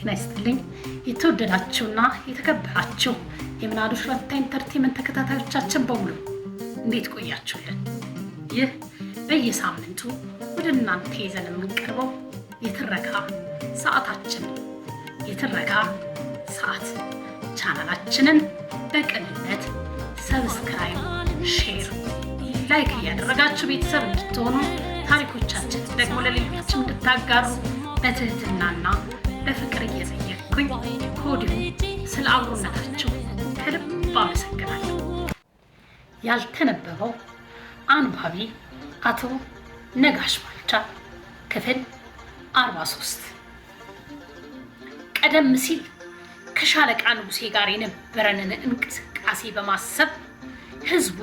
ጤና ይስጥልኝ የተወደዳችሁና የተከበራችሁ የምናሉሽ ረታ ኢንተርቴንመንት ተከታታዮቻችን በሙሉ እንዴት ቆያችሁልን? ይህ በየሳምንቱ ወደ እናንተ ይዘን የምንቀርበው የትረካ ሰዓታችን የትረካ ሰዓት ቻናላችንን በቅንነት ሰብስክራይብ፣ ሼር፣ ላይክ እያደረጋችሁ ቤተሰብ እንድትሆኑ ታሪኮቻችን ደግሞ ለሌሎችም እንድታጋሩ በትህትናና በፍቅር እየጠየቅኩኝ ከወዲሁ ስለ አብሮነታቸው ከልብ አመሰግናለሁ። ያልተነበበው አንባቢ አቶ ነጋሽ ባልቻ ክፍል 43። ቀደም ሲል ከሻለቃ ንጉሴ ጋር የነበረንን እንቅስቃሴ በማሰብ ህዝቡ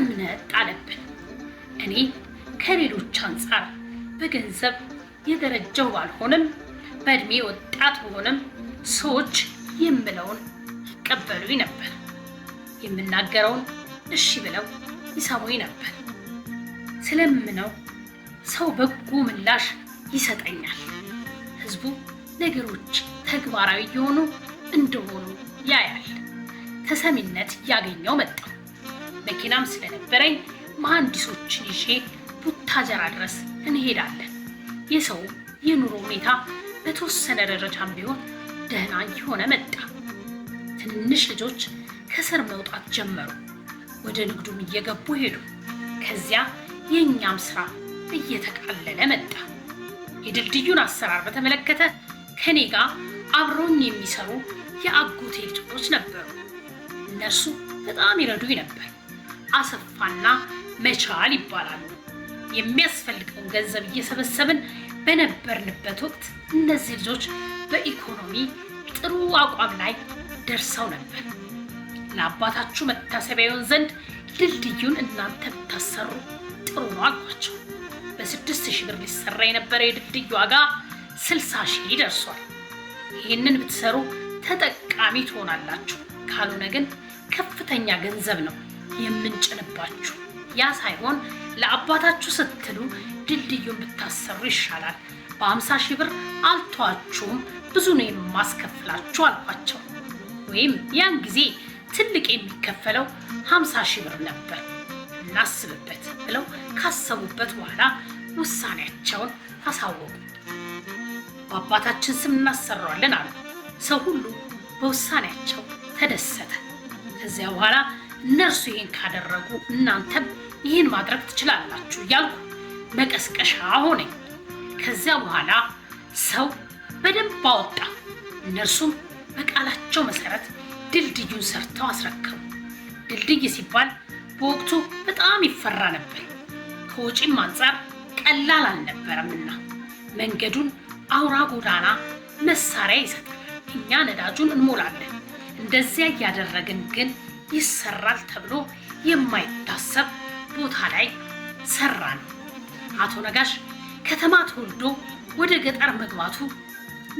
እምነት ጣለብን። እኔ ከሌሎች አንጻር በገንዘብ የደረጀው ባልሆንም በእድሜ ወጣት ብሆንም ሰዎች የምለውን ይቀበሉኝ ነበር። የምናገረውን እሺ ብለው ይሰሙኝ ነበር። ስለምነው ሰው በጎ ምላሽ ይሰጠኛል። ህዝቡ ነገሮች ተግባራዊ የሆኑ እንደሆኑ ያያል። ተሰሚነት እያገኘው መጣው። መኪናም ስለነበረኝ መሐንዲሶችን ይዤ ቡታጀራ ድረስ እንሄዳለን። የሰው የኑሮ ሁኔታ በተወሰነ ደረጃም ቢሆን ደህና እየሆነ መጣ። ትንሽ ልጆች ከስር መውጣት ጀመሩ። ወደ ንግዱም እየገቡ ሄዱ። ከዚያ የእኛም ስራ እየተቃለለ መጣ። የድልድዩን አሰራር በተመለከተ ከኔ ጋር አብረውኝ የሚሰሩ የአጎቴ ልጆች ነበሩ። እነርሱ በጣም ይረዱኝ ነበር። አሰፋና መቻል ይባላሉ። የሚያስፈልገውን ገንዘብ እየሰበሰብን በነበርንበት ወቅት እነዚህ ልጆች በኢኮኖሚ ጥሩ አቋም ላይ ደርሰው ነበር። ለአባታችሁ መታሰቢያ ይሆን ዘንድ ድልድዩን እናንተ ብታሰሩ ጥሩ ነው አልኳቸው። በስድስት ሺህ ብር ሊሰራ የነበረ የድልድዩ ዋጋ ስልሳ ሺህ ደርሷል። ይህንን ብትሰሩ ተጠቃሚ ትሆናላችሁ፣ ካልሆነ ግን ከፍተኛ ገንዘብ ነው የምንጭንባችሁ። ያ ሳይሆን ለአባታችሁ ስትሉ ድልድዩን ብታሰሩ ይሻላል። በአምሳ ሺህ ብር አልተዋችሁም፣ ብዙ ነው የማስከፍላችሁ አልኳቸው። ወይም ያን ጊዜ ትልቅ የሚከፈለው ሀምሳ ሺህ ብር ነበር። እናስብበት ብለው ካሰቡበት በኋላ ውሳኔያቸውን አሳወቁ። በአባታችን ስም እናሰራዋለን አሉ። ሰው ሁሉ በውሳኔያቸው ተደሰተ። ከዚያ በኋላ እነርሱ ይህን ካደረጉ እናንተም ይህን ማድረግ ትችላላችሁ እያልኩ መቀስቀሻ ሆነኝ። ከዚያ በኋላ ሰው በደንብ አወጣ። እነርሱም በቃላቸው መሰረት ድልድዩን ሰርተው አስረከቡ። ድልድይ ሲባል በወቅቱ በጣም ይፈራ ነበር፣ ከውጪም አንጻር ቀላል አልነበረምና መንገዱን አውራ ጎዳና መሳሪያ ይሰጣል፣ እኛ ነዳጁን እንሞላለን። እንደዚያ እያደረግን ግን ይሰራል ተብሎ የማይታሰብ ቦታ ላይ ሰራ ነው። አቶ ነጋሽ ከተማ ተወልዶ ወደ ገጠር መግባቱ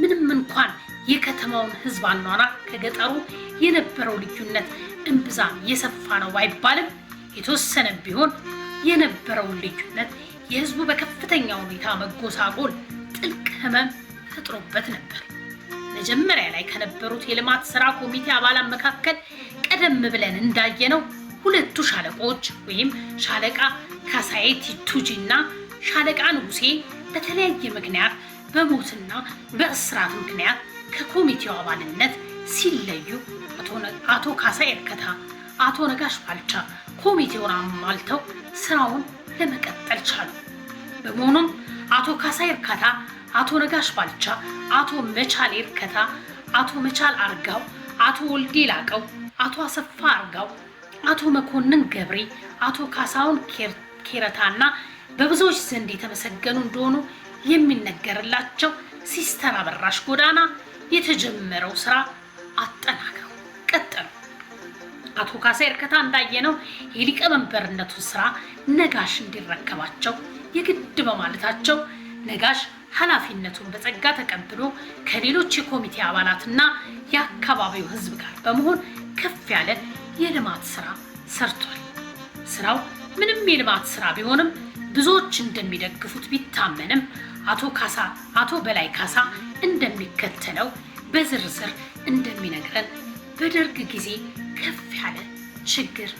ምንም እንኳን የከተማውን ሕዝብ አኗኗር ከገጠሩ የነበረው ልዩነት እምብዛም የሰፋ ነው ባይባልም የተወሰነ ቢሆን የነበረውን ልዩነት የሕዝቡ በከፍተኛ ሁኔታ መጎሳቆል ጥልቅ ህመም ፈጥሮበት ነበር። መጀመሪያ ላይ ከነበሩት የልማት ስራ ኮሚቴ አባላት መካከል ቀደም ብለን እንዳየነው ሁለቱ ሻለቆች ወይም ሻለቃ ካሳዬ ቲቱጂ እና ሻለቃ ንጉሴ በተለያየ ምክንያት በሞትና በእስራት ምክንያት ከኮሚቴው አባልነት ሲለዩ አቶ ካሳ እርከታ፣ አቶ ነጋሽ ባልቻ ኮሚቴውን አሟልተው ስራውን ለመቀጠል ቻሉ። በመሆኑም አቶ ካሳ እርከታ፣ አቶ ነጋሽ ባልቻ፣ አቶ መቻል እርከታ፣ አቶ መቻል አርጋው፣ አቶ ወልዴ ላቀው፣ አቶ አሰፋ አርጋው አቶ መኮንን ገብሬ፣ አቶ ካሳሁን ኬረታና በብዙዎች ዘንድ የተመሰገኑ እንደሆኑ የሚነገርላቸው ሲስተር አበራሽ ጎዳና የተጀመረው ስራ አጠናክረው ቀጠሉ። አቶ ካሳ እርከታ እንዳየነው የሊቀመንበርነቱን ስራ ነጋሽ እንዲረከባቸው የግድ በማለታቸው ነጋሽ ኃላፊነቱን በጸጋ ተቀብሎ ከሌሎች የኮሚቴ አባላትና የአካባቢው ሕዝብ ጋር በመሆን ከፍ ያለ የልማት ስራ ሰርቷል። ስራው ምንም የልማት ስራ ቢሆንም ብዙዎች እንደሚደግፉት ቢታመንም አቶ ካሳ አቶ በላይ ካሳ እንደሚከተለው በዝርዝር እንደሚነግረን በደርግ ጊዜ ከፍ ያለ ችግር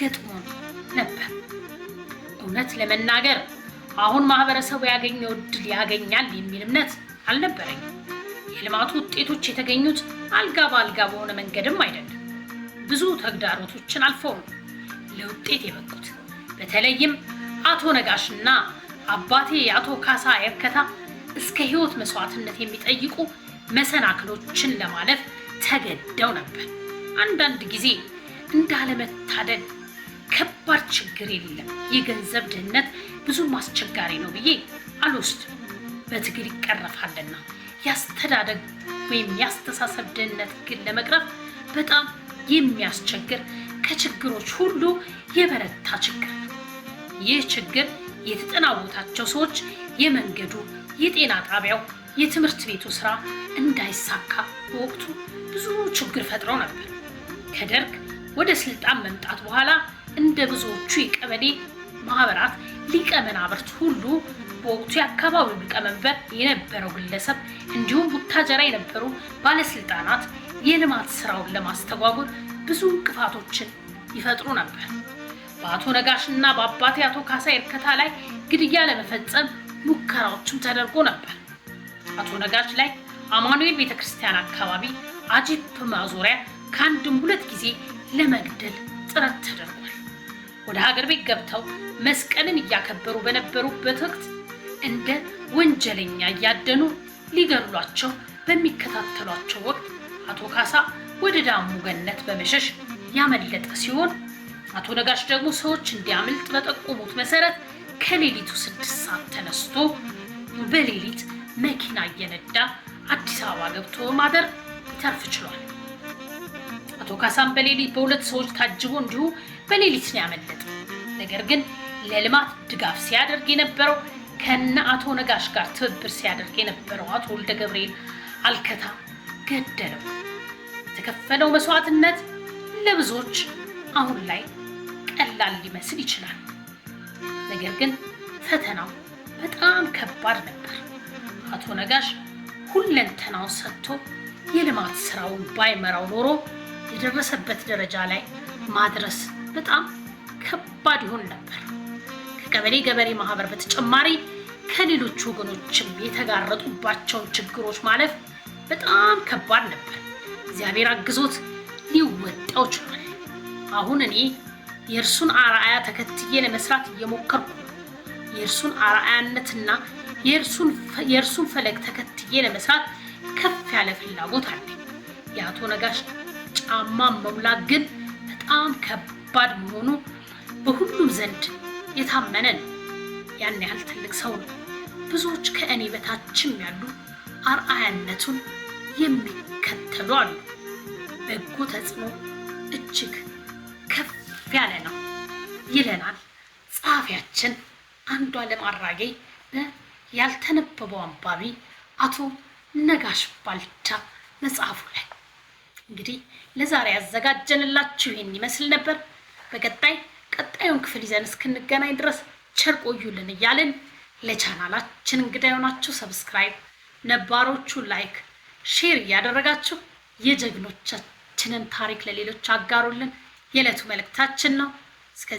ገጥሞን ነበር። እውነት ለመናገር አሁን ማህበረሰቡ ያገኘው እድል ያገኛል የሚል እምነት አልነበረኝም። የልማቱ ውጤቶች የተገኙት አልጋ በአልጋ በሆነ መንገድም አይደለም። ብዙ ተግዳሮቶችን አልፈው ነው ለውጤት የበቁት። በተለይም አቶ ነጋሽና አባቴ የአቶ ካሳ የከታ እስከ ህይወት መስዋዕትነት የሚጠይቁ መሰናክሎችን ለማለፍ ተገደው ነበር። አንዳንድ ጊዜ እንዳለመታደል ከባድ ችግር የለም። የገንዘብ ድህነት ብዙም አስቸጋሪ ነው ብዬ አልወስድም። በትግል ይቀረፋልና። ያስተዳደግ ወይም ያስተሳሰብ ድህነት ግን ለመቅረፍ በጣም የሚያስቸግር ከችግሮች ሁሉ የበረታ ችግር። ይህ ችግር የተጠናወታቸው ሰዎች የመንገዱ፣ የጤና ጣቢያው፣ የትምህርት ቤቱ ስራ እንዳይሳካ በወቅቱ ብዙ ችግር ፈጥረው ነበር። ከደርግ ወደ ስልጣን መምጣት በኋላ እንደ ብዙዎቹ የቀበሌ ማህበራት ሊቀመናብርት ሁሉ በወቅቱ የአካባቢው ሊቀመንበር የነበረው ግለሰብ እንዲሁም ቡታጀራ የነበሩ ባለስልጣናት የልማት ስራውን ለማስተጓጎል ብዙ እንቅፋቶችን ይፈጥሩ ነበር። በአቶ ነጋሽና በአባቴ አቶ ካሳ እርከታ ላይ ግድያ ለመፈጸም ሙከራዎችም ተደርጎ ነበር። አቶ ነጋሽ ላይ አማኑኤል ቤተክርስቲያን አካባቢ አጂፕ ማዞሪያ ከአንድም ሁለት ጊዜ ለመግደል ጥረት ተደርጓል። ወደ ሀገር ቤት ገብተው መስቀልን እያከበሩ በነበሩበት ወቅት እንደ ወንጀለኛ እያደኑ ሊገድሏቸው በሚከታተሏቸው ወቅት አቶ ካሳ ወደ ዳሙ ገነት በመሸሽ ያመለጠ ሲሆን አቶ ነጋሽ ደግሞ ሰዎች እንዲያመልጥ በጠቆሙት መሰረት ከሌሊቱ ስድስት ሰዓት ተነስቶ በሌሊት መኪና እየነዳ አዲስ አበባ ገብቶ ማደር ሊተርፍ ችሏል። አቶ ካሳም በሌሊት በሁለት ሰዎች ታጅቦ እንዲሁ በሌሊት ነው ያመለጠ። ነገር ግን ለልማት ድጋፍ ሲያደርግ የነበረው ከነ አቶ ነጋሽ ጋር ትብብር ሲያደርግ የነበረው አቶ ወልደ ገብርኤል አልከታ ገደለው። የተከፈለው መስዋዕትነት ለብዙዎች አሁን ላይ ቀላል ሊመስል ይችላል። ነገር ግን ፈተናው በጣም ከባድ ነበር። አቶ ነጋሽ ሁለንተናውን ሰጥቶ የልማት ስራውን ባይመራው ኖሮ የደረሰበት ደረጃ ላይ ማድረስ በጣም ከባድ ይሆን ነበር። ከቀበሌ ገበሬ ማህበር በተጨማሪ ከሌሎች ወገኖችም የተጋረጡባቸውን ችግሮች ማለፍ በጣም ከባድ ነበር። እግዚአብሔር አግዞት ሊወጣው ችሏል። አሁን እኔ የእርሱን አርአያ ተከትዬ ለመስራት እየሞከርኩ የእርሱን አርአያነትና የእርሱን ፈለግ ተከትዬ ለመስራት ከፍ ያለ ፍላጎት አለኝ። የአቶ ነጋሽ ጫማ መሙላት ግን በጣም ከባድ መሆኑ በሁሉም ዘንድ የታመነ ነው። ያን ያህል ትልቅ ሰው ነው። ብዙዎች ከእኔ በታችም ያሉ አርአያነቱን የሚ የሚከተሉ አሉ። በጎ ተጽዕኖ እጅግ ከፍ ያለ ነው ይለናል ጸሐፊያችን አንዷለም አራጌ በያልተነበበው አንባቢ አቶ ነጋሽ ባልቻ መጽሐፉ ላይ። እንግዲህ ለዛሬ ያዘጋጀንላችሁ ይህን ይመስል ነበር። በቀጣይ ቀጣዩን ክፍል ይዘን እስክንገናኝ ድረስ ቸር ቆዩልን እያልን ለቻናላችን እንግዳ የሆናችሁ ሰብስክራይብ፣ ነባሮቹ ላይክ ሼር እያደረጋችሁ የጀግኖቻችንን ታሪክ ለሌሎች አጋሩልን የዕለቱ መልእክታችን ነው።